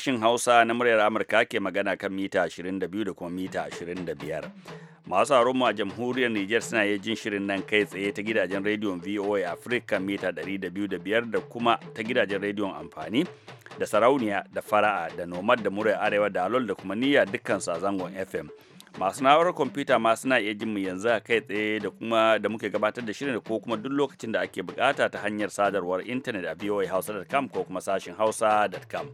sashin Hausa na muryar Amurka ke magana kan mita 22 da kuma mita 25. Masu haronmu a jamhuriyar Nijar suna iya jin shirin nan kai tsaye ta gidajen rediyon VOA Africa mita 205 da kuma ta gidajen rediyon amfani da sarauniya da fara'a da nomad da muryar arewa da alol da kuma niyya dukkan zangon FM. masu na'urar kwamfuta ma suna iya jin mu yanzu a kai tsaye da kuma da muke gabatar da shirin ko kuma duk lokacin da ake bukata ta hanyar sadarwar intanet a voahausa.com ko kuma sashin hausa.com.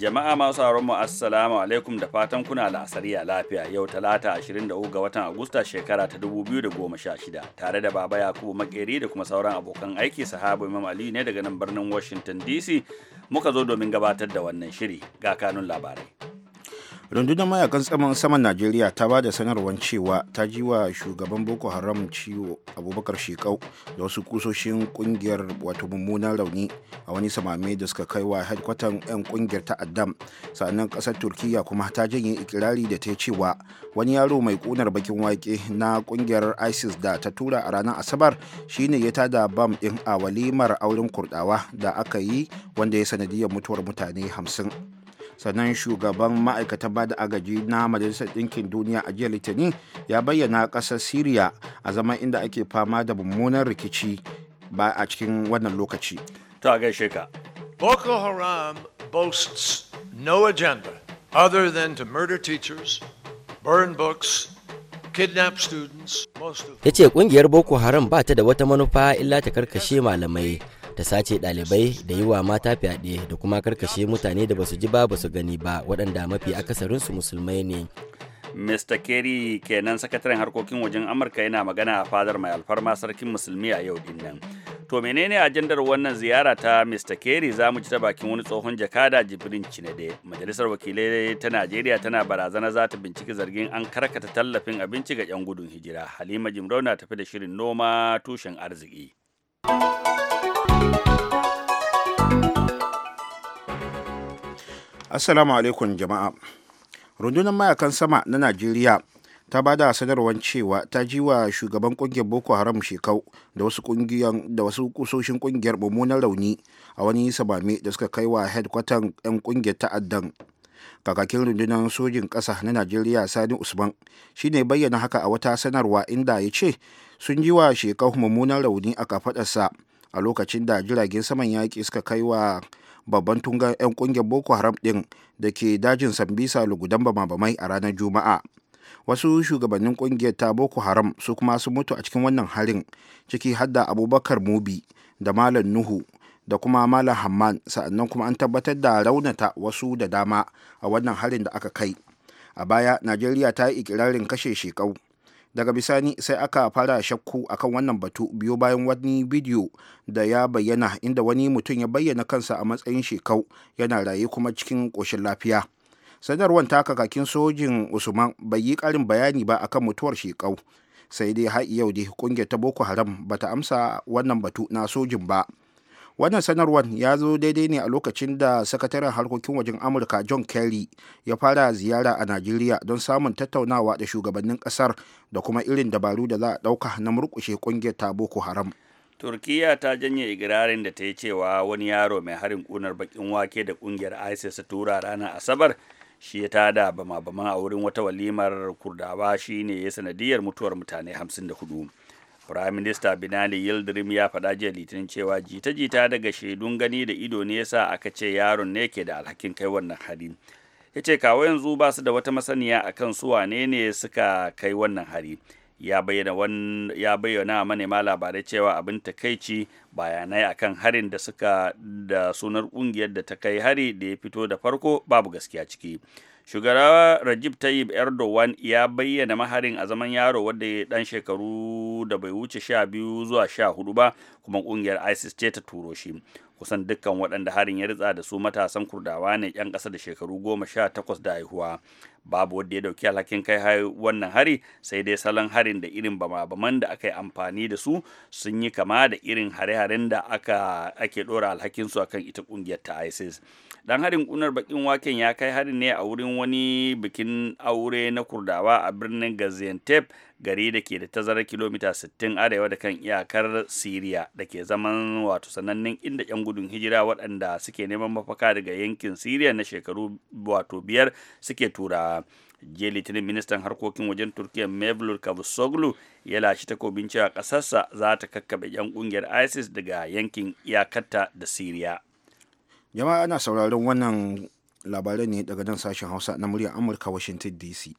Jama'a masu sauraron mu assalamu alaikum da fatan kuna asariya lafiya yau talata 23 ga watan Agusta shekara ta 2016 tare da Baba Yakubu Makeri da kuma sauran abokan aiki sahabu Imam Ali ne daga nan birnin Washington DC muka zo domin gabatar da wannan shiri ga kanun labarai. rundunar mayakan tsaman saman najeriya ta ba da sanarwar cewa ta ji wa shugaban boko haram ciwo abubakar shekau da wasu kusoshin kungiyar wato mummunan rauni a wani samame da suka kai wa hedkwatan 'yan kungiyar ta'addam sannan kasar turkiya kuma ta janye ikirari da ta cewa wani yaro mai kunar bakin wake na kungiyar isis da ta tura a ranar asabar shine ya tada bam din a walimar auren kurdawa da aka yi wanda ya sanadiyar mutuwar mutane 50 sannan shugaban ma'aikatan bada agaji na majalisar ɗinkin duniya a jiya litinin ya bayyana ƙasar syria a zaman inda ake fama da mummunan rikici ba a cikin wannan lokaci ta gaishe ka boko haram boasts no agenda other than to murder teachers burn books ya ce kungiyar boko haram ba ta da wata manufa illa ta karkashe malamai ta sace dalibai da yi wa mata fyaɗe da kuma karkashe mutane da basu ji ba basu gani ba waɗanda mafi akasarinsu musulmai ne Mr. Kerry kenan sakataren harkokin wajen Amurka yana magana a fadar mai alfarma sarkin musulmi a yau din nan To menene ajandar wannan ziyara ta Mr. Kerry za mu ji ta bakin wani tsohon jakada Jibrin Cinede. Majalisar Wakilai ta Najeriya tana barazana za ta binciki zargin an karkata tallafin abinci ga 'yan gudun hijira. Halima Jimrau na tafi da shirin noma tushen arziki. assalamu alaikum jama'a rundunar mayakan sama na najeriya ta ba da sanarwar cewa ta ji wa shugaban kungiyar boko haram shekau da wasu kungiyar da wasu kusoshin kungiyar mummunan rauni a wani samame da suka kai wa hedkwatan yan kungiyar ta'addan kakakin rundunar sojin ƙasa na najeriya sani usman shine bayyana haka a wata sanarwa inda ya ce sun ji wa shekau mummunan rauni a kafaɗarsa a lokacin da jiragen saman yaƙi suka kai wa babban tungan 'yan kungiyar boko haram din da ke dajin sambisa lugudan bamabamai a ranar juma'a wasu shugabannin kungiyar ta boko haram su kuma su mutu a cikin wannan harin ciki hadda abubakar mubi da malam nuhu da kuma malam hamman sa'annan kuma an tabbatar da raunata wasu da dama a wannan harin da aka kai a baya najeriya ta yi ikirarin kashe shekau daga bisani sai aka fara shakku akan wannan batu biyo bayan wani bidiyo da ya bayyana inda wani mutum ya bayyana kansa a matsayin shekau yana raye kuma cikin ƙoshin lafiya sanarwar ta kakakin sojin usman bai yi ƙarin bayani ba akan mutuwar shekau sai dai har yau dai ƙungiyar ta boko haram bata amsa wannan batu na sojin ba wannan sanarwar ya zo daidai ne a lokacin da sakataren harkokin wajen amurka john kerry ya fara ziyara a najeriya don samun tattaunawa da shugabannin kasar da kuma irin dabaru da za a ɗauka na murkushe kungiyar ta boko haram turkiya ta janye igirarin da ta yi cewa wani yaro mai harin kunar bakin wake da ƙungiyar isis ta tura ranar asabar shi ya tada bama-bama a wurin wata walimar kurdawa shine ya sanadiyar mutuwar mutane 54 Firaminista Binali Yildirim ya faɗa jiya litinin cewa jita-jita daga shaidun gani da ido ne yasa aka ce yaron ne ke da alhakin kai wannan hari. Ya ce kawo yanzu ba su da wata masaniya akan su wane ne suka kai wannan hari. Ya bayyana manema labarai cewa abin takaici bayanai akan harin da suka da sunar kungiyar da ta kai hari da ya fito da farko babu gaskiya ciki. shugaba Rajib Tayyip Erdogan ya bayyana maharin a zaman yaro wadda ya dan shekaru da bai wuce sha biyu zuwa sha hudu ba kuma kungiyar ISIS ce ta turo shi kusan dukkan waɗanda harin ya ritsa da su matasan kurdawa ne 'yan ƙasa da shekaru goma sha takwas da haihuwa babu wanda ya dauki alhakin kai wannan hari sai dai salon harin da irin bama-baman da aka yi amfani da su sun yi kama da irin hare-haren da aka ake dora alhakin su akan ita kungiyar ta ISIS dan harin kunar bakin waken ya kai harin ne a wurin wani bikin aure na kurdawa a birnin Gaziantep gari da ke da tazarar kilomita 60 arewa da kan iyakar Siriya da ke zaman wato sanannen inda 'yan gudun hijira waɗanda suke neman mafaka daga yankin Siriya na shekaru wato biyar suke turawa turkiya jiya litinin ministan harkokin wajen turkiya mevlut cavusoglu ya lashe takobin cewa kasarsa za ta kakkaɓe 'yan ƙungiyar isis daga yankin iyakarta da siriya jama'a ana sauraron wannan labarai ne daga nan sashen hausa na muryar amurka washington dc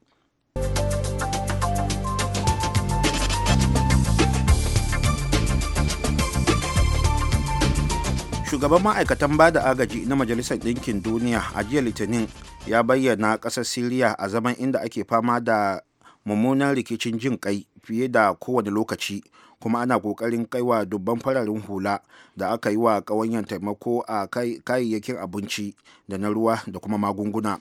shugaban ma'aikatan bada agaji na majalisar ɗinkin duniya a jiya litinin ya bayyana ƙasar siriya a zaman inda ake fama da mummunan rikicin jin kai fiye da kowane lokaci kuma ana ƙoƙarin kaiwa dubban fararen hula da aka yi wa ƙawanyen taimako a kayayyakin abinci da na ruwa da kuma magunguna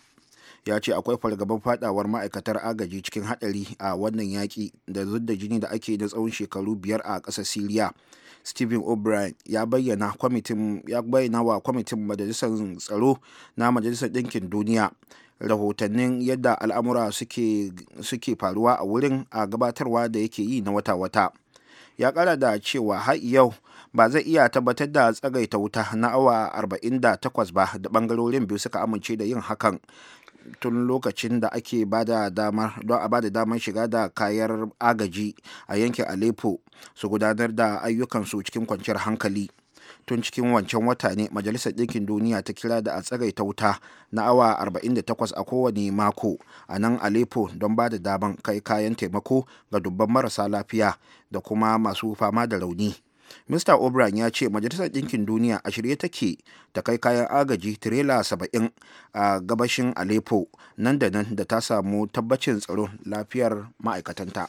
ya ce akwai fargaban fadawar ma'aikatar agaji cikin haɗari a wannan yaƙi da zudda jini da ake da tsawon shekaru biyar a ƙasar siriya stephen o'brien ya bayyana wa kwamitin majalisar tsaro na majalisar ɗinkin duniya rahotannin yadda al'amura suke faruwa a wurin a gabatarwa da yake yi na wata-wata ya kara da cewa har yau ba zai iya tabbatar da tsagaita wuta na awa 48 ba da ɓangarorin biyu suka amince da yin hakan tun lokacin da ake bada damar don a bada damar shiga da kayar agaji a yankin aleppo su gudanar da ayyukansu cikin kwanciyar hankali tun cikin wancan wata ne majalisar ɗinkin duniya ta kira da a ta wuta na awa 48 a kowane mako a nan aleppo don ba da daman kai kayan taimako ga dubban marasa lafiya da kuma masu fama da rauni mista obran ya ce majalisar ɗinkin duniya a shirye take ta kai kayan agaji tirela saba'in a gabashin aleppo nan da nan da ta samu tabbacin tsaro lafiyar ma'aikatanta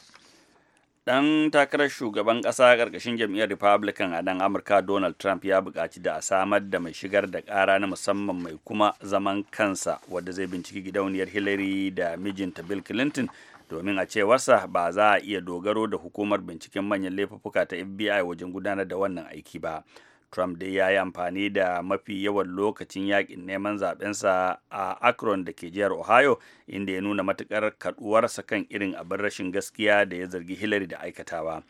dan takarar shugaban ƙasa ƙarƙashin jam'iyyar republican a nan amurka donald trump ya buƙaci da a samar da mai shigar da ƙara na musamman mai kuma zaman kansa wadda zai binciki gidauniyar hillary da mijinta bill clinton domin a cewarsa ba za a iya dogaro da hukumar binciken manyan laifuka ta FBI wajen gudanar da wannan aiki ba. Trump dai ya yi amfani da mafi yawan lokacin yakin neman zaɓensa a Akron da ke jihar Ohio inda ya nuna matukar kaduwarsa kan irin abin rashin gaskiya da ya zargi Hillary da aikatawa.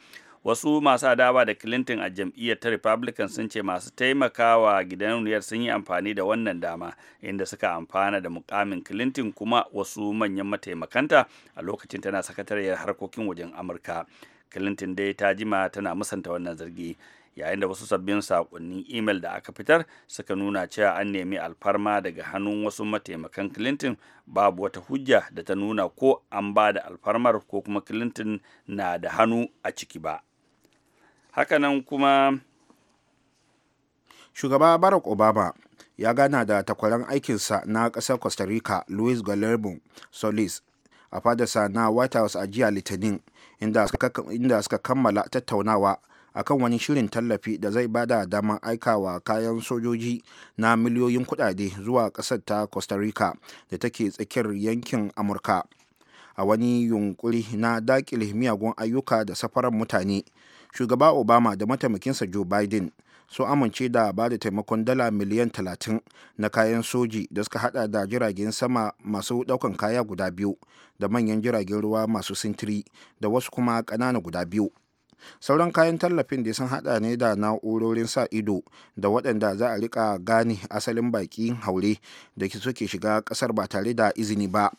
wasu masu adawa da clinton a jam'iyyar ta republican sun ce masu taimakawa gidanuniyar sun yi amfani da wannan dama inda suka amfana da mukamin clinton kuma wasu manyan mataimakanta a lokacin tana sakatariyar harkokin wajen amurka clinton dai ta jima tana musanta wannan zargi yayin da wasu sabbin sakonnin imel da aka fitar suka nuna cewa an nemi alfarma daga hannun wasu mataimakan clinton babu wata hujja da ta nuna ko an ba da alfarmar ko kuma clinton na da hannu a ciki ba hakanan kuma shugaba barack obama ya gana da takwaran aikinsa na ƙasar costa rica luis guillermo solis a fadarsa na white house a jiya litinin inda suka kammala tattaunawa akan wani shirin tallafi da zai bada damar aikawa kayan sojoji na miliyoyin kudade zuwa ƙasar ta costa rica da take tsakiyar yankin amurka a wani yunkuri na dakile miyagun ayyuka da safarar mutane shugaba obama da mataimakinsa joe biden sun amince da ba da taimakon dala miliyan 30 na kayan soji da suka hada da jiragen sama masu daukan kaya guda biyu da manyan jiragen ruwa masu sintiri da wasu kuma kanana guda biyu sauran kayan tallafin da sun hada ne da na'urorin sa ido da waɗanda za a rika gane asalin baki haure da suke shiga kasar ba tare da izini ba.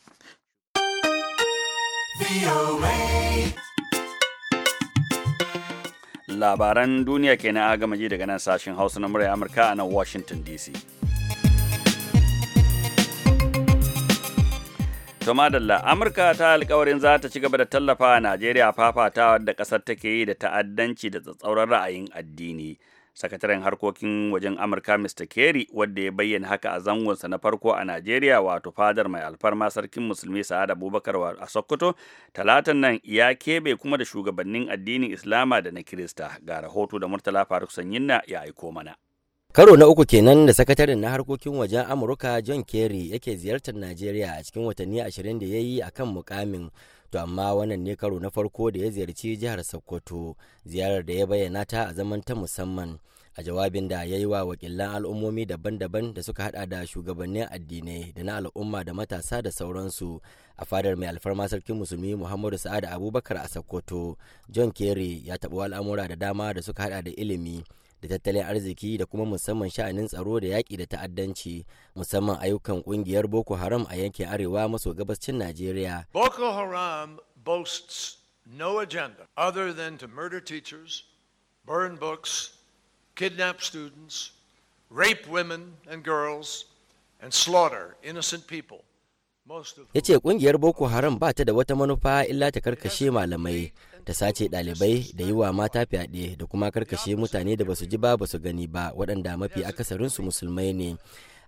labaran duniya kenan a gama ji daga nan sashen hausa na murya amurka a nan washington dc To madalla Amurka ta alkawarin za ta ci gaba da tallafa a Najeriya fafatawa da ƙasar take yi da ta'addanci da tsatsauran ra'ayin addini. sakataren harkokin wajen amurka mr kerry wadda ya bayyana haka a zangonsa na farko a najeriya wato fadar mai alfarma sarkin musulmi sa'ad abubakar a sokoto talatan nan ya kebe kuma da shugabannin addinin islama da na kirista ga rahoto da murtala faruk sanyinna ya aiko mana karo na uku kenan da sakataren na harkokin wajen amurka john kerry yake ziyartar najeriya a cikin watanni ashirin da ya yi a kan mukamin to amma wannan ne karo na farko da ya ziyarci jihar sokoto ziyarar da ya bayyana ta a zaman ta musamman a jawabin da ya yi wa wakilan al'ummomi daban-daban da suka hada da shugabannin addinai da na al'umma da matasa da sauransu a fadar mai alfarma sarkin musulmi muhammadu sa'ad abubakar a sokoto john kerry ya taɓa al'amura da dama da suka hada da ilimi da tattalin arziki da kuma musamman sha'anin tsaro da yaƙi da ta'addanci musamman ayyukan ƙungiyar Boko Haram a yankin arewa maso gabascin Najeriya. Boko Haram boasts no agenda other than to murder teachers, burn books, kidnap students, rape women and girls, and slaughter innocent people. ya ce kungiyar boko haram ba ta da wata manufa illa ta karkashe malamai ta sace dalibai da yi wa mata fyaɗe da kuma karkashe mutane da basu ji ba su gani ba waɗanda mafi akasarinsu musulmai ne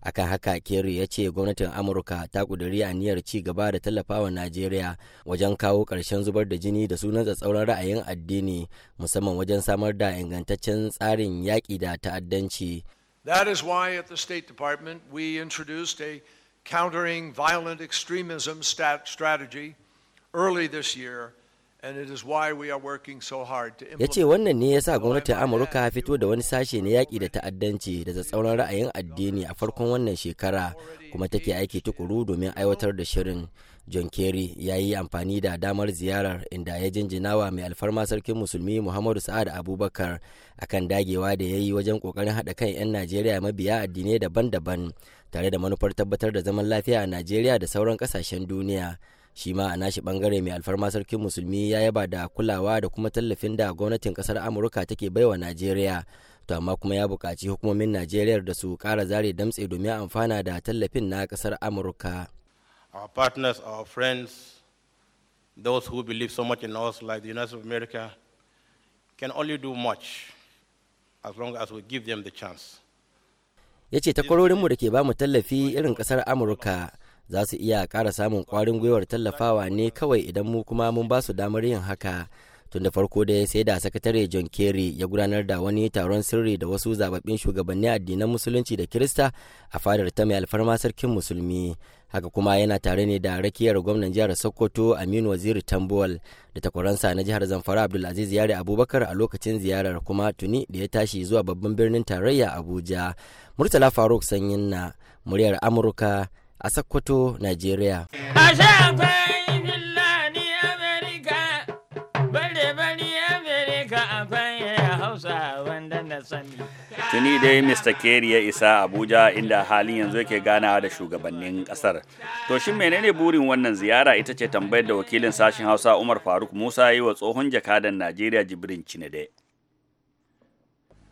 akan haka kerry ya ce gwamnatin amurka ta kuduri niyyar ci gaba da tallafawa najeriya wajen kawo ƙarshen zubar da jini da sunan tsatsauran ra'ayin addini musamman wajen samar da ingantaccen tsarin yaƙi da ta'addanci that is why at the state department we introduced a countering violent extremism strategy early this year ya ce wannan ne ya sa gwamnatin amurka fito da wani sashe na yaƙi da ta'addanci da tsatsauran ra'ayin addini a farkon wannan shekara kuma take aiki tukuru domin aiwatar da shirin john kerry ya yi amfani da damar ziyarar inda ya jinjinawa mai alfarma sarkin musulmi muhammadu sa'ad abubakar akan dagewa da ya yi wajen kokarin haɗa kan 'yan najeriya mabiya addinai daban-daban tare da manufar tabbatar da zaman lafiya a najeriya da sauran kasashen duniya shi ma a nashi bangare mai alfarma sarkin musulmi ya yaba da kulawa da kuma tallafin da gwamnatin kasar amurka take baiwa najeriya to amma kuma ya buƙaci hukumomin najeriya da su ƙara zare damtse domin amfana da tallafin na kasar amurka our partners our friends those who believe so much in us like the united states of america can only do much as long as we give them the chance ya ce takwarorinmu da ke ba mu tallafi irin kasar amurka za su iya kara samun kwarin gwiwar tallafawa ne kawai idan mu kuma mun ba su damar yin haka tun da farko dai sai da sakatare john kerry ya gudanar da wani taron sirri da wasu zababbin shugabanni addinan musulunci da kirista a fadar ta mai alfarma sarkin musulmi haka kuma yana tare ne da rakiyar gwamnan jihar sokoto aminu waziri tambuwal da takwaransa na jihar zamfara abdulaziz yare abubakar a lokacin ziyarar kuma tuni da ya tashi zuwa babban birnin tarayya abuja murtala faruk sanyin na muryar amurka a Sokoto, Najeriya. Tuni dai Mr. Kerry ya isa Abuja inda halin yanzu yake ganawa da shugabannin kasar. To shin menene burin wannan ziyara ita ce tambayar da wakilin sashen Hausa Umar Faruk Musa yi wa tsohon jakadan Najeriya Jibrin Cinade.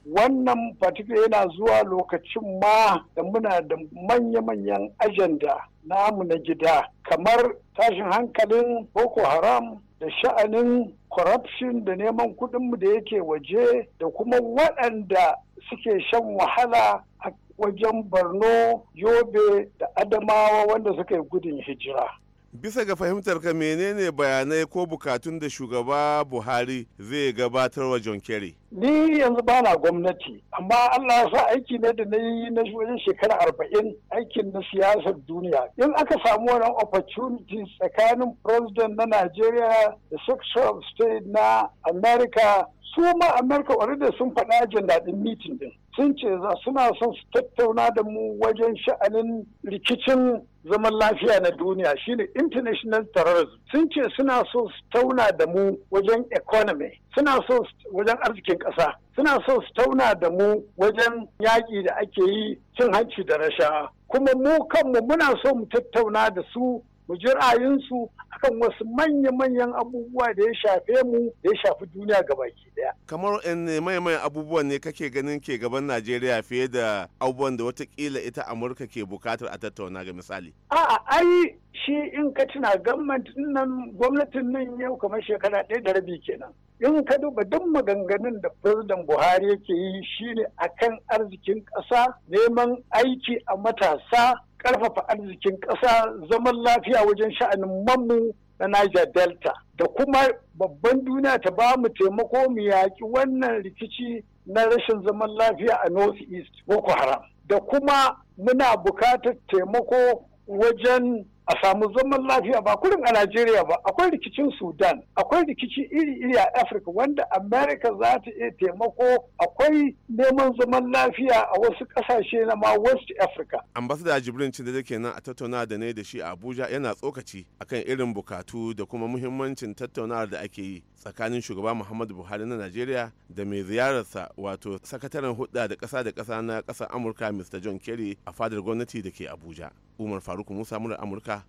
wannan particular yana zuwa lokacin ma da muna da manya-manyan ajanda namu na gida kamar tashin hankalin boko haram da sha'anin corruption da neman kudinmu da yake waje da kuma waɗanda suke shan wahala a wajen borno yobe da adamawa wanda suka yi gudun hijira bisa ga fahimtarka menene bayanai ko bukatun da shugaba buhari zai gabatar wa john kerry ni yanzu ba na gwamnati amma allah ya sa aiki ne da na yi na wajen shekara arba'in aikin na siyasar duniya in aka samu wannan opportunity tsakanin president na nigeria da secretary of state na america su ma amerika da sun faɗa jin daɗin mitin ɗin, sun ce za suna son su tattauna da mu wajen sha'anin rikicin zaman lafiya na duniya shine international terrorism sun ce suna so su tauna da mu wajen economy suna so wajen arzikin ƙasa suna so su tauna da mu wajen yaƙi da ake yi cin hanci da rasha. kuma mu kanmu muna so mu tattauna da su mu ji ra'ayinsu akan wasu manya-manyan abubuwa da ya shafe mu da ya shafi duniya baki daya. Kamar ne manya abubuwan ne kake ganin ke gaban Najeriya fiye da abubuwan da watakila ita Amurka ke bukatar a tattauna ga misali. A'a ai shi in ka tuna gwamnatin nan gwamnatin nan yau kamar shekara ɗaya da rabi kenan. In ka duba duk maganganun da Firzidan Buhari yake yi shine akan arzikin ƙasa neman aiki a matasa ƙarfafa arzikin ƙasa zaman lafiya wajen sha'anin manmu na Niger Delta da kuma babban duniya ta ba mu taimako mu yaƙi wannan rikici na rashin zaman lafiya a North East Boko Haram da kuma muna buƙatar taimako wajen a samu zaman lafiya ba kurin a Najeriya ba akwai rikicin Sudan akwai rikici iri-iri a Afirka wanda Amerika za ta iya taimako akwai neman zaman lafiya a wasu kasashe na ma West Africa. Ambassador Jibrin Cinde da ke nan a tattauna da ne da shi a Abuja yana tsokaci akan irin bukatu da kuma muhimmancin tattaunawar da ake yi tsakanin shugaba Muhammadu Buhari na Najeriya da mai ziyararsa wato sakataren hudda da kasa da kasa na kasar Amurka Mr. John Kerry a fadar gwamnati da ke Abuja. umar faruk musa murar amurka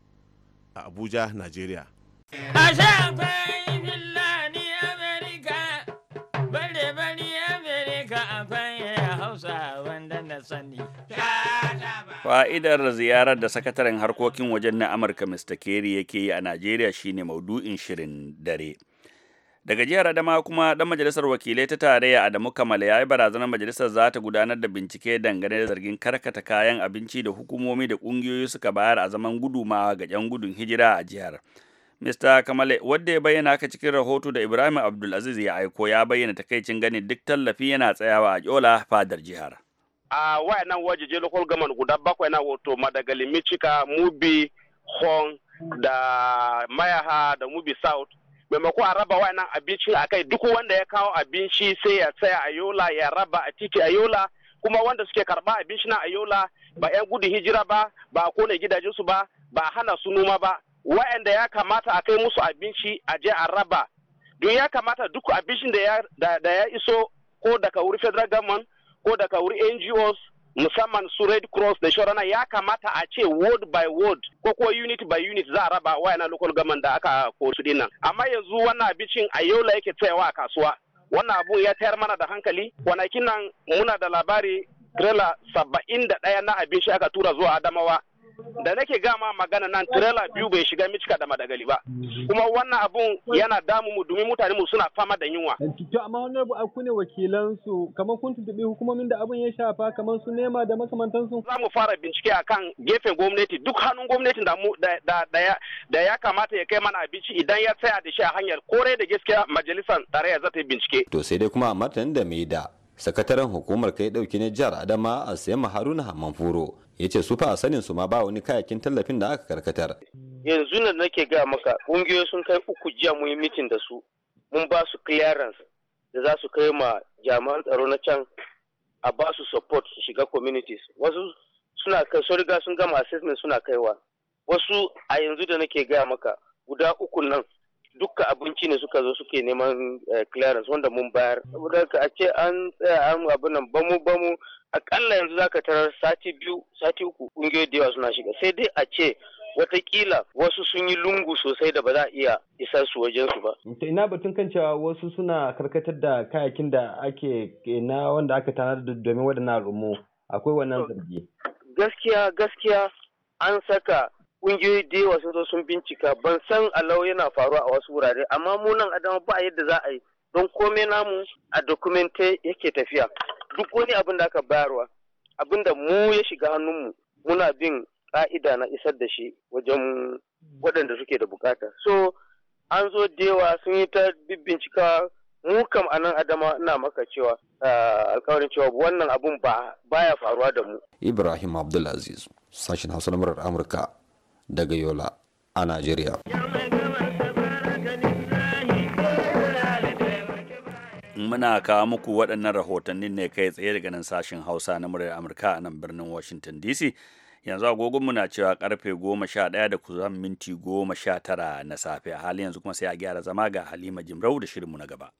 a abuja nigeria Fa'idar ziyarar da sakataren harkokin wajen na Amurka Mr. Kerry yake yi a Najeriya shine maudu'in shirin dare. daga jihar adama kuma dan majalisar wakilai ta tarayya adamu kamala ya yi barazanar majalisar za ta gudanar da bincike dangane da zargin karkata kayan abinci da hukumomi da kungiyoyi suka bayar a zaman gudumawa ga yan gudun hijira a jihar Mr. Kamale, wadda ya bayyana haka cikin rahoto da Ibrahim Abdulaziz ya aiko ya bayyana takaicin gani duk tallafi yana tsayawa a Yola fadar jihar. A uh, wajeje local government guda bakwai na wato Madagali, Michika, Mubi, Hong da Mayaha da Mubi South maimako a raba wa'annan abincin a kai duk wanda ya kawo abinci sai ya tsaya a yola ya raba a titi a yola kuma wanda suke karba abinci na a yola ba 'yan gudun hijira ba ba a kone gidajensu ba ba a hana su noma ba wa'anda ya kamata a kai musu abinci a je a raba don ya kamata duk abincin da ya iso ko daga wuri federal government ko daga wuri ngos musamman su red cross da shorana ya kamata a ce ward by ward ko ko unit by unit za a raba wayana local government da aka kosu din nan amma yanzu wannan abincin a la yake tsayawa a kasuwa wannan abu ya tayar mana da hankali kwanakin nan muna da labari trailer saba'in da ɗaya na abinci aka tura zuwa adamawa da nake gama magana nan tirela biyu bai shiga micika da madagali ba kuma wannan abun yana damu mu domin mutane mu suna fama da yunwa to amma wannan abu ku ne wakilan su kamar kun hukumomin da abun ya shafa kamar su nema da makamantan su za mu fara bincike akan gefen gwamnati duk hannun gwamnati da mu da ya kamata ya kai mana abinci idan ya tsaya da shi a hanyar kore da gaskiya majalisar tarayya za ta yi bincike to sai dai kuma martanin da mai da sakataren hukumar kai dauki na jihar adama a sayan haruna hamanfuro ya ce su fa a sanin su ma ba wani kayakin tallafin da aka karkatar yanzu nan nake ga maka ƙungiyoyi sun kai uku jiya mu yi mitin da su mun ba su clearance da za su kai ma jami'an tsaro na can a ba su support su shiga communities wasu suna kai sun riga sun gama assessment suna kaiwa wasu a yanzu da nake gaya maka guda uku nan Dukka abinci ne suka zo suke neman eh, clearance wanda mun bayar saboda a ce an tsaya an abu nan bamu bamu akalla yanzu zaka tarar sati biyu sati uku kungiyoyi da yawa suna shiga sai dai a ce watakila wasu sun yi lungu sosai da ba za a iya isarsu su wajen su ba. Ta ina batun kan cewa wasu suna karkatar da kayakin da ake na wanda aka tanar da domin waɗannan al'ummu akwai wannan zargi. Gaskiya gaskiya an saka kungiyoyi da yawa sun zo sun bincika ban san alau yana faruwa a wasu wurare amma mu nan adama ba yadda za a yi don komai namu a dokumente yake tafiya duk wani abin da aka bayarwa abin da mu ya shiga hannun mu muna bin ka'ida na isar da shi wajen waɗanda suke da bukata so an zo da yawa sun yi ta bincika mu kam a adama ina maka cewa ah, alkawarin cewa wannan abun ba baya faruwa da mu ibrahim abdulaziz sashen hausa na murar amurka daga Yola a Najeriya. Muna kawo muku waɗannan rahotannin ne kai tsaye daga nan sashen Hausa na muryar Amurka a nan birnin Washington DC. Yanzu agogonmu na cewa karfe goma sha ɗaya da kusan minti goma sha tara na safe a halin yanzu kuma sai a gyara zama ga Halima Jimrau da shirinmu na gaba.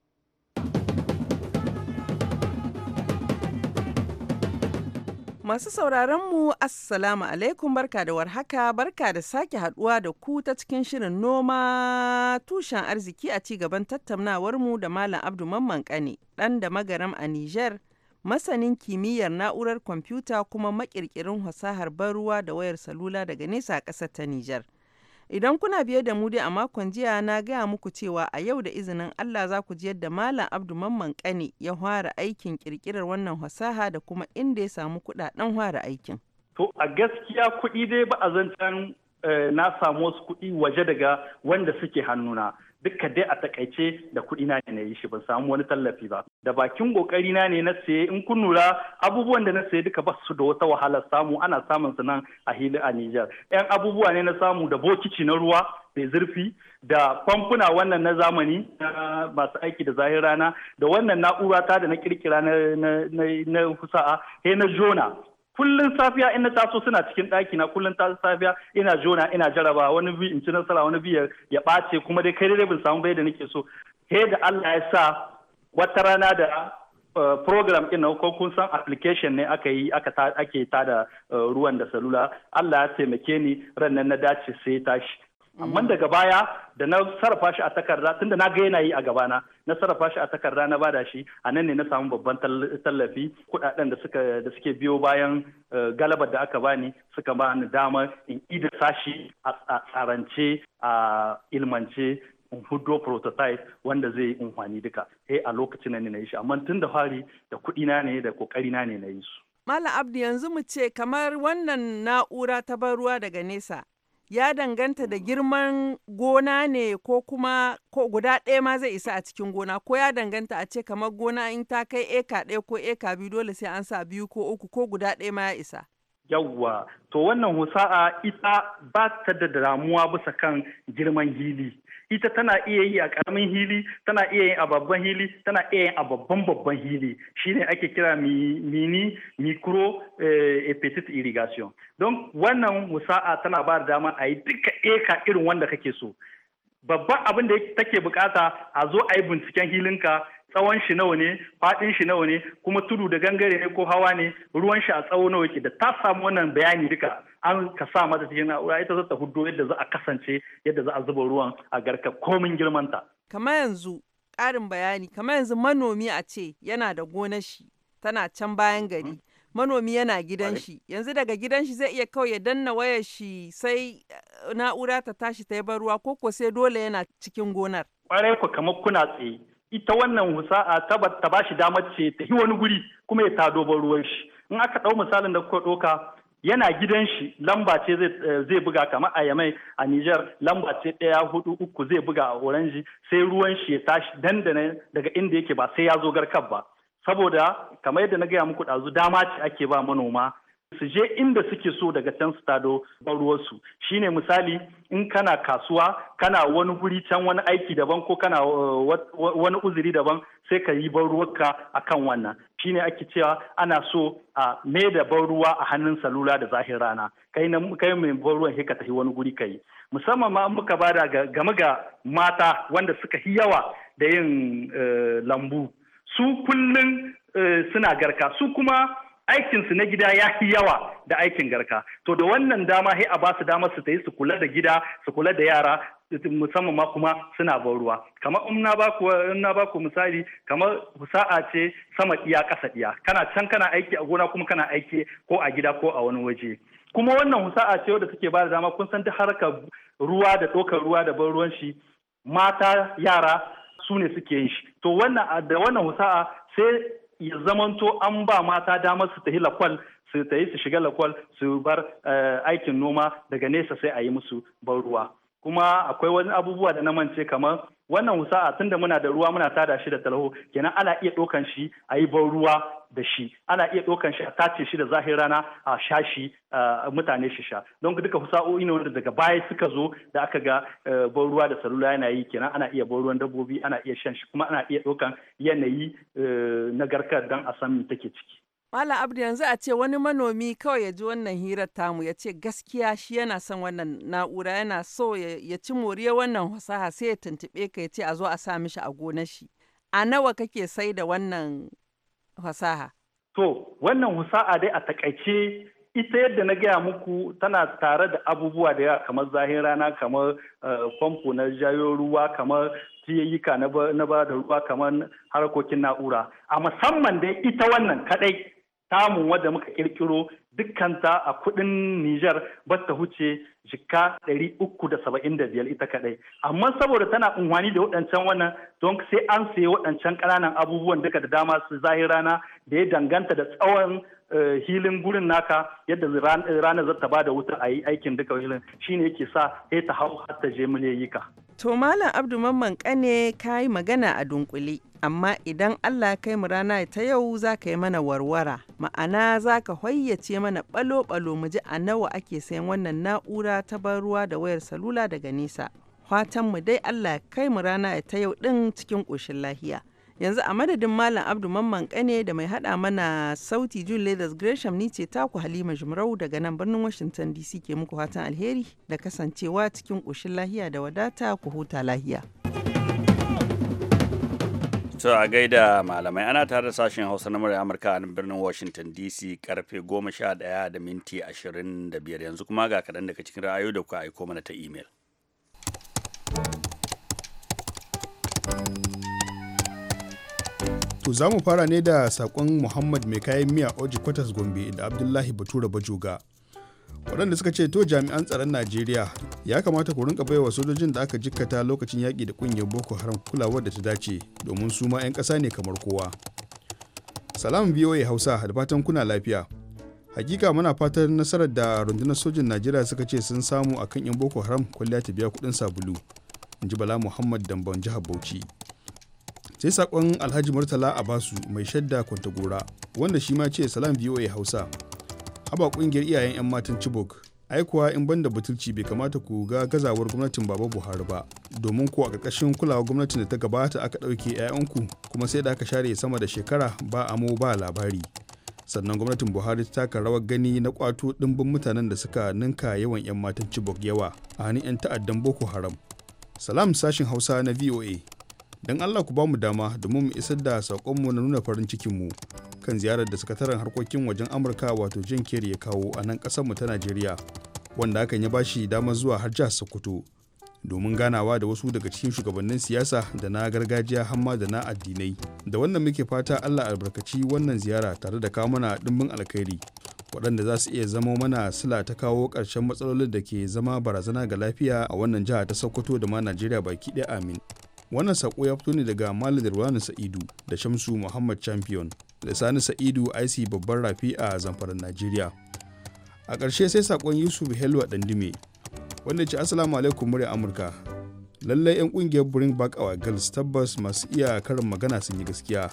Masu sauraronmu Assalamu alaikum barka da warhaka barka da sake haduwa da ku ta cikin shirin noma tushen arziki a ci gaban mu da Malam Abdu Mamman Kane dan da magaram a niger masanin kimiyyar na'urar kwamfuta kuma makirkirin fasahar ban da wayar salula daga nesa a ƙasar ta niger. Idan kuna biye da mu dai a makon jiya na gaya muku cewa a yau da izinin Allah za ku ji yadda Malam Abdu Mamman Kani ya fara aikin kirkirar wannan fasaha da kuma inda ya samu kudaden fara aikin. To a gaskiya kuɗi dai ba a zancen eh, na samu wasu kuɗi waje daga wanda suke hannuna. dukkan dai a takaice da kuɗi na ne yi shi ban samu wani tallafi ba da bakin kokari na ne na saye in kun lura abubuwan da na saye duka ba su da wata wahalar samu ana samun su nan a hili a Nijar yan abubuwa ne na samu da bokiti na ruwa mai zurfi da famfuna wannan na zamani na masu aiki da zahir rana da wannan na'ura ta da na kirkira na na na husa'a sai na jona kullun safiya in na taso suna cikin ɗaki na kullun taso safiya ina jona ina jaraba wani bi in ci nasara wani bi ya ɓace kuma dai kai dai ban samu bai da nake so he da Allah ya sa wata rana da eh, program ina ko kun san application ne aka yi aka ake tada eh, ruwan da salula Allah ya taimake ni ran nan na dace sai tashi amma mm. daga baya da na sarrafa shi a takarda tunda na ga yana yi a gabana na sarrafa shi a takarda na bada shi a nan ne na samu babban tallafi kudaden da suka da suke biyo bayan eh, galabar da aka bani suka ba ni dama in ida sashi a tsarance a ilmance in hudo prototype wanda zai yi amfani duka eh a lokacin nan ne na yi shi amma tun da fari da kuɗi na ne da kokari na ne na yi su Malam Abdi yanzu mu ce kamar wannan na'ura ta ban ruwa daga nesa ya danganta da girman gona ne ko kuma ko guda ɗaya ma zai isa a cikin gona ko ya danganta a ce kamar gona in ta kai eka ɗaya ko eka biyu dole sai an sa biyu ko uku ko guda ɗaya ma ya isa. Yawwa, to wannan husa'a ita ba ta da damuwa bisa kan girman gini. ita tana iya yi a karamin hili tana iya yin a babban hili tana iya yin a babban babban hili shine ake kira mini micro eh, petite irrigation don wannan musa'a tana ba da dama a yi duka eka irin wanda kake so babban abin da take bukata a zo a yi binciken hilinka tsawon shi nawa ne faɗin shi nawa ne kuma tudu da gangare ne ko hawa ne ruwan shi a tsawo nawa ke da ta samu wannan bayani duka an ka sa mata cikin na'ura ita za ta hudo yadda za a kasance yadda za a zuba ruwan a garka komin girmanta. Kama yanzu ƙarin bayani kama yanzu manomi a ce yana da gonar shi tana can bayan gari. Mhm. Manomi yana gidan shi yanzu daga gidan shi zai iya kawai ya danna wayar shi sai eh, na'ura ta tashi ta yi ruwa ko ko sai dole yana cikin gonar. Kwarai ku kamar kuna tsaye ita wannan husa'a ta ba shi damar ce ta yi wani guri kuma ya tado ruwan shi in aka ɗau misalin da kuka ɗauka yana gidan shi lamba ce zai eh, buga kamar a yamai a Nijar lamba ce ɗaya hudu uku zai buga a oranji sai ruwan shi ya tashi dandana daga inda yake ba sai ya zo garkar ba saboda kamar yadda na gaya muku ɗazu dama ce ake ba manoma su je inda suke so daga can su tado ruwarsu shine misali in kana kasuwa kana wani guri can wani aiki daban ko kana eh, wani uzuri daban sai ka yi ban a akan wannan shine ake cewa ana so a me da ban ruwa a hannun salula da zahin rana kai na kai mai ban ruwan ka tafi wani guri kai musamman ma muka bada game ga mata wanda suka yi yawa da yin eh, lambu su kullum eh, suna garka su kuma aikinsu na gida ya fi yawa da aikin garka to da wannan dama sai a ba su dama su ta yi su kula da gida su kula da yara musamman ma kuma suna ban ruwa kamar in na ba ku misali kamar sa'a ce sama iya kasa iya kana can kana aiki a gona kuma kana aiki ko a gida ko a wani waje kuma wannan husa'a ce wanda suke ba da dama kun san ta harkar ruwa da ɗaukar ruwa da ban ruwan shi mata yara su ne suke yin shi to wannan da wannan husa'a sai ya zamanto an ba mata damar su tafi lakwal su tafi su shiga lakwal su bar eh, aikin noma daga nesa sai a yi musu ban ruwa kuma akwai wani abubuwa da na mance kamar wannan husa'a tun da muna da ruwa muna tada shi da talho kenan ana iya ɗaukan shi a yi ban ruwa da shi ana iya ɗaukan shi a tace shi da zahir rana a sha shi mutane shi sha don duka husa'o'i ne wanda daga baya suka zo da aka ga e, ban ruwa da salula yana yi kenan ana iya ban ruwan dabbobi ana iya shan shi kuma ana iya ɗaukan yanayi e, na garkar don a san me take ciki Malam Abdu yanzu a ce wani manomi kawai ya ji wannan hirar tamu ya ce gaskiya shi yana son wannan na'ura yana so ya ci moriya wannan fasaha sai ya tuntuɓe ka ya ce a zo a sa mishi a gona shi. A nawa kake sai da wannan fasaha? To, wannan fasaha dai a takaice ita yadda na gaya muku tana tare da abubuwa da yawa kamar zahin rana kamar eh, famfo na jayo ruwa kamar tiyayyuka na ba da ruwa kamar harkokin na'ura a musamman dai ita wannan kadai tamun wadda muka kirkiro dukkanta a kudin Nijar ba ta huce jika 375 ita kadai amma saboda tana unhwani da waɗancan wannan don sai an sayi waɗancan ƙananan abubuwan duka da dama su zahi rana da ya danganta da tsawon eh, hilin gurin naka yadda ranar zata ba da wuta a yi aikin duka shi ne yake sa ta hau har ta je ka. To Malam Abdu Mamman Kane ka yi magana a dunkule, amma idan Allah kai mu rana ta yau za ka yi mana warwara, ma'ana za ka hoyyace mana balo-balo mu ji a nawa ake sayan wannan na'ura ta ban ruwa da wayar salula daga nisa, Fatan mu dai Allah kai mu rana ta yau ɗin cikin ƙoshin lahiya. Yanzu a madadin Malam Abdu Mamman Kane da mai hada mana sauti jun Leathers Gresham ni ce taku Halima jimarau daga nan birnin Washington DC ke muku hatan alheri da kasancewa cikin ƙoshin lahiya da wadata ku huta lahiya. so a gaida malamai ana tare da sashen Hausa na murya Amurka a birnin Washington DC karfe 11 da minti 25 yanzu kuma ga kaɗan daga cikin ra'ayoyi da kuka aiko mana ta email. To za mu fara ne da sakon Muhammad mai kayan miya Oji Kwatas Gombe da Abdullahi Batura Bajoga. Waɗanda suka ce to jami'an tsaron Najeriya ya kamata ku rinka baiwa sojojin da aka jikkata lokacin yaƙi da ƙungiyar Boko Haram kulawar da ta dace domin su ma 'yan ƙasa ne kamar kowa. Salam VOA Hausa da fatan kuna lafiya. Hakika muna fatan nasarar da rundunar sojin Najeriya suka ce sun samu akan 'yan Boko Haram kwalliya ta biya kuɗin sabulu. In ji Bala Muhammad Dambon jihar Bauchi. sai sakon alhaji murtala a basu, mai shadda kwantagora wanda shi ma ce salam voa hausa haba kungiyar iyayen 'yan matan chibok aikuwa in banda butulci bai kamata ku ga gazawar gwamnatin baba buhari ba domin ko a ƙarƙashin kulawa gwamnatin da ta gabata aka ɗauke 'ya'yanku kuma sai da aka share sama da shekara ba amo ba labari sannan gwamnatin buhari ta taka rawar gani na kwato ɗimbin mutanen da suka ninka yawan 'yan matan chibok yawa a hannun 'yan ta'addan boko haram salam sashin hausa na voa don allah ku ba mu dama domin mu isar da saƙonmu na nuna farin cikinmu kan ziyarar da sakataren harkokin wajen amurka wato jan kerry ya kawo a nan ƙasarmu ta najeriya wanda hakan ya bashi damar zuwa har jihar sokoto domin ganawa da wasu daga cikin shugabannin siyasa da na gargajiya hamma da na addinai da wannan muke fata allah albarkaci wannan ziyara tare da kawo mana dimbin alkhairi waɗanda za su iya zama mana sila ta kawo ƙarshen matsalolin da ke zama barazana ga lafiya a wannan jiha ta sokoto da ma najeriya baki ɗaya amin wannan sako ya fito ne daga Malam Rwani Sa'idu da Shamsu Muhammad Champion da Sani Sa'idu IC babban rafi a zamfarar Najeriya. A ƙarshe sai sakon Yusuf Helwa Dandime wanda ce asalamu alaikum murya Amurka. Lallai 'yan ƙungiyar Bring Back Our Girls tabbas masu iya karin magana sun yi gaskiya.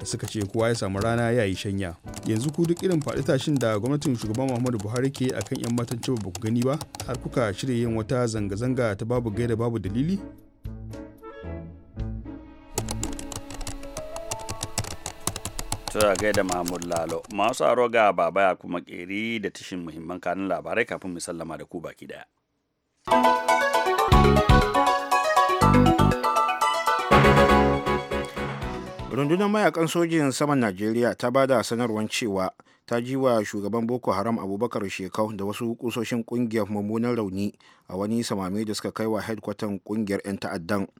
da suka ce kowa ya samu rana ya yi shanya yanzu ku duk irin faɗi tashin da gwamnatin shugaban muhammadu buhari ke akan yan matan cewa ba ku gani ba har kuka shirya yin wata zanga-zanga ta babu gaida babu dalili Tura da Mahmud Lalo. Masu aro ga baba ya kuma keri da tashin muhimman kanun labarai kafin mu sallama da ku baki daya. rundunar mayakan sojin saman najeriya ta ba da sanarwar cewa ta ji wa shugaban boko haram abubakar shekau da wasu kusoshin kungiyar mummunan rauni a wani samame da suka kai wa hedkwatan kungiyar 'yan ta'addan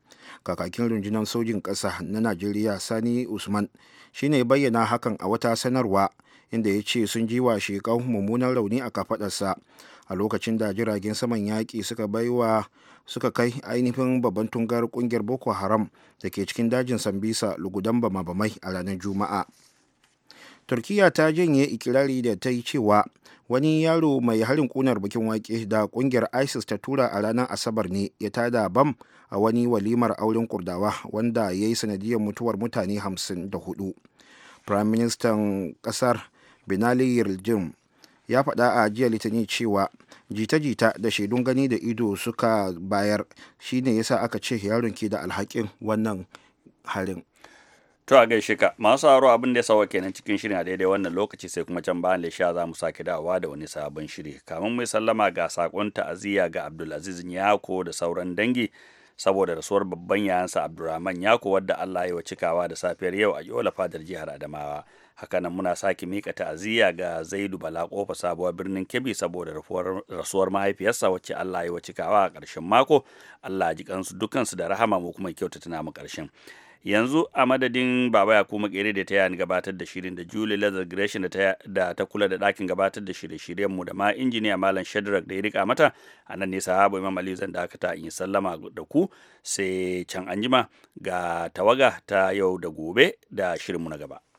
kakakin rundunar sojin ƙasa na najeriya sani usman shine bayyana hakan a wata sanarwa inda ya ce sun ji wa shekau mummunan rauni a kafadarsa a lokacin da jiragen saman yaƙi suka baiwa. suka kai ainihin babban tungar kungiyar boko haram da ke cikin dajin sambisa lugudan bama-bamai a ranar juma'a turkiya ta janye ikirari da ta yi cewa wani yaro mai harin kunar bikin wake da kungiyar isis ta tura a ranar asabar ne ya tada bam a wani walimar auren kurdawa wanda ya yi sanadiyar mutuwar mutane 54 prime ministan kasar binali yildirim ya faɗa a jiya litinin cewa jita-jita da shaidun gani da ido suka bayar shine yasa aka ce yaron ke da alhakin wannan harin to a gaishe ka masu haro abin da ya sawa kenan cikin shirin a daidai wannan lokaci sai kuma can bayan sha za mu sake dawowa da wani sabon shiri kamin mai sallama ga sakon ta'aziyya ga abdulaziz nyako da sauran dangi saboda rasuwar babban yayansa abdulrahman nyako wadda allah ya wa cikawa da safiyar yau a yola fadar jihar adamawa hakanan muna sake mika ta'aziyya ga zaidu bala kofa sabuwar birnin kebbi saboda rasuwar mahaifiyarsa wacce allah ya wace kawa a ƙarshen mako allah ji kansu dukansu da rahama mu kuma tana mu ƙarshen yanzu a madadin baba ya kuma kere da ta yani gabatar da shirin da julie lazar gresham da ta kula da ɗakin gabatar da shirye-shiryen mu da ma injiniya malam shadrack da ya rika mata a nan nesa sahabo imam ali zan dakata in sallama da ku sai can anjima ga tawaga ta yau da gobe da shirin mu na gaba